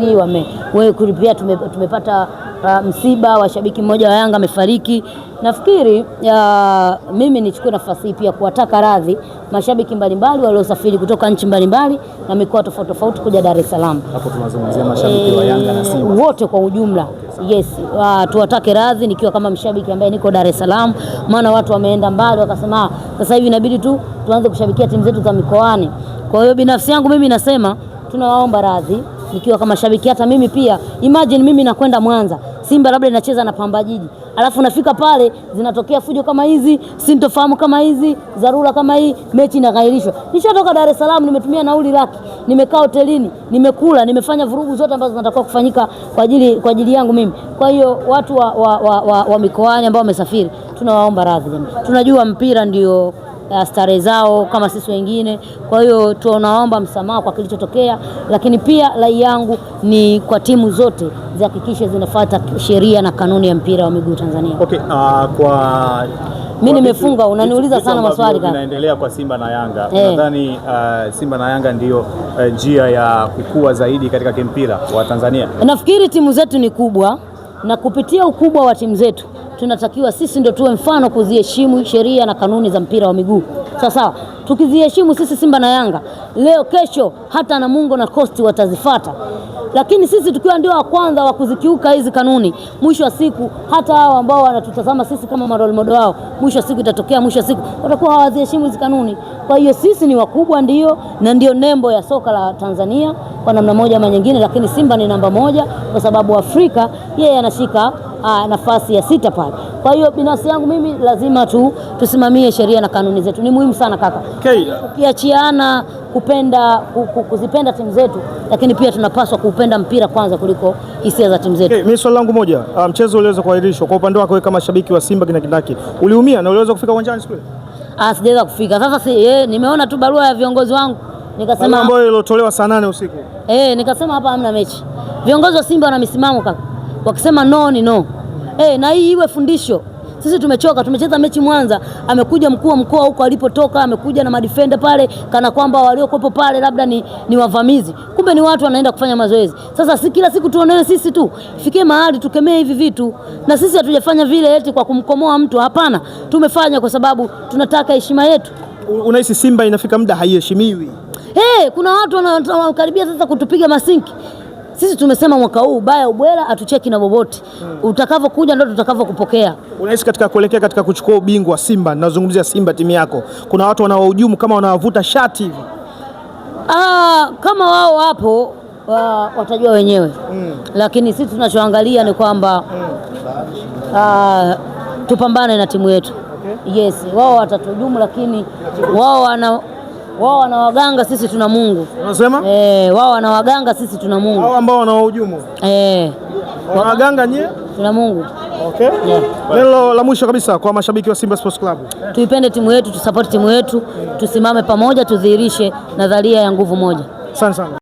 Hii wame pia tume, tumepata uh, msiba wa shabiki mmoja wa Yanga amefariki. Nafikiri uh, mimi nichukue nafasi hii pia kuwataka radhi mashabiki mbalimbali waliosafiri kutoka nchi mbalimbali na mikoa tofauti tofauti kuja Dar es Salaam. Hapo tunazungumzia mashabiki wa Yanga na Simba eh, wote kwa ujumla. Yes, uh, tuwatake radhi nikiwa kama mshabiki ambaye niko Dar es Salaam, maana watu wameenda mbali wakasema ah, sasa hivi inabidi tu tuanze kushabikia timu zetu za mikoani. Kwa hiyo binafsi yangu mimi nasema tunawaomba radhi nikiwa kama shabiki. Hata mimi pia imagine, mimi nakwenda Mwanza, Simba labda inacheza na Pamba Jiji, alafu nafika pale zinatokea fujo kama hizi, sintofahamu kama hizi, dharura kama hii, mechi inaghairishwa. Nishatoka Dar es Salaam, nimetumia nauli laki, nimekaa hotelini, nimekula, nimefanya vurugu zote ambazo zinatakiwa kufanyika kwa ajili kwa ajili yangu mimi. Kwa hiyo watu wa, wa, wa, wa, wa mikoani ambao wamesafiri, tunawaomba radhi tunajua mpira ndio Eh, starehe zao kama sisi wengine. Kwa hiyo tunaomba msamaha kwa kilichotokea, lakini pia rai yangu ni kwa timu zote zihakikishe zinafuata sheria na kanuni ya mpira wa miguu Tanzania. Okay, uh, kwa mimi nimefunga, unaniuliza sana maswali kama Inaendelea kwa Simba na Yanga eh. Nadhani uh, Simba na Yanga ndiyo eh, njia uh, ya kukua zaidi katika kimpira wa Tanzania. Nafikiri timu zetu ni kubwa na kupitia ukubwa wa timu zetu tunatakiwa sisi ndio tuwe mfano kuziheshimu sheria na kanuni za mpira wa miguu sawa sawa. Tukiziheshimu sisi Simba na Yanga leo, kesho hata Namungo na Kosti watazifata, lakini sisi tukiwa ndio wa kwanza wa kuzikiuka hizi kanuni, mwisho wa siku hata hao ambao wanatutazama sisi kama marolimodo model wao, mwisho wa siku itatokea, mwisho wa siku watakuwa hawaziheshimu hizi kanuni. Kwa hiyo sisi ni wakubwa, ndio na ndio nembo ya soka la Tanzania kwa namna moja ama nyingine, lakini Simba ni namba moja kwa sababu Afrika yeye anashika ah, nafasi ya sita pale. Kwa hiyo binafsi yangu mimi lazima tu tusimamie sheria na kanuni zetu, ni muhimu sana kaka. Ukiachiana kupenda kuzipenda timu zetu, lakini pia tunapaswa kupenda mpira kwanza kuliko hisia za timu zetu. Okay, mimi swali langu moja, ah, mchezo uliweza kuahirishwa kwa upande wako kama shabiki wa Simba kinakindaki, uliumia na uliweza kufika uwanjani siku ile? Ah, sijaweza kufika. Sasa si, eh, nimeona tu barua ya viongozi wangu nikasema, ambayo ilotolewa saa nane usiku eh, nikasema hapa hamna mechi. Viongozi wa Simba wana misimamo kaka, wakisema no ni no eh, na hii iwe fundisho. Sisi tumechoka, tumecheza mechi Mwanza, amekuja mkuu wa mkoa huko alipotoka, amekuja na madifenda pale, kana kwamba waliokuwepo pale labda ni, ni wavamizi, kumbe ni watu wanaenda kufanya mazoezi. Sasa si kila siku tuonewe sisi tu, fikie mahali tukemee hivi vitu, na sisi hatujafanya vile eti kwa kumkomoa mtu, hapana. Tumefanya kwa sababu tunataka heshima yetu. Unahisi Simba inafika muda haiheshimiwi? Hey, eh, kuna watu wanakaribia sasa kutupiga masinki sisi tumesema mwaka huu ubaya ubwela atucheki na boboti hmm. Utakavyokuja ndio tutakavyokupokea. Unahisi katika kuelekea katika kuchukua ubingwa Simba, nazungumzia Simba timu yako, kuna watu wanawahujumu kama wanawavuta shati hivi? Ah, kama wao wapo watajua wenyewe hmm. Lakini sisi tunachoangalia ni kwamba hmm. Ah, tupambane na timu yetu okay. Yes, wao watatuhujumu, lakini wao wana wao wana waganga, sisi tuna Mungu. Unasema? Eh, wao wana waganga, sisi tuna Mungu. Hao ambao wanawahujumu eh, wana waganga, nyie tuna Mungu. Okay. Yeah. Neno la mwisho kabisa kwa mashabiki wa Simba Sports Club. Tuipende timu yetu, tusapoti timu yetu, tusimame pamoja, tudhihirishe nadharia ya nguvu moja. Asante sana.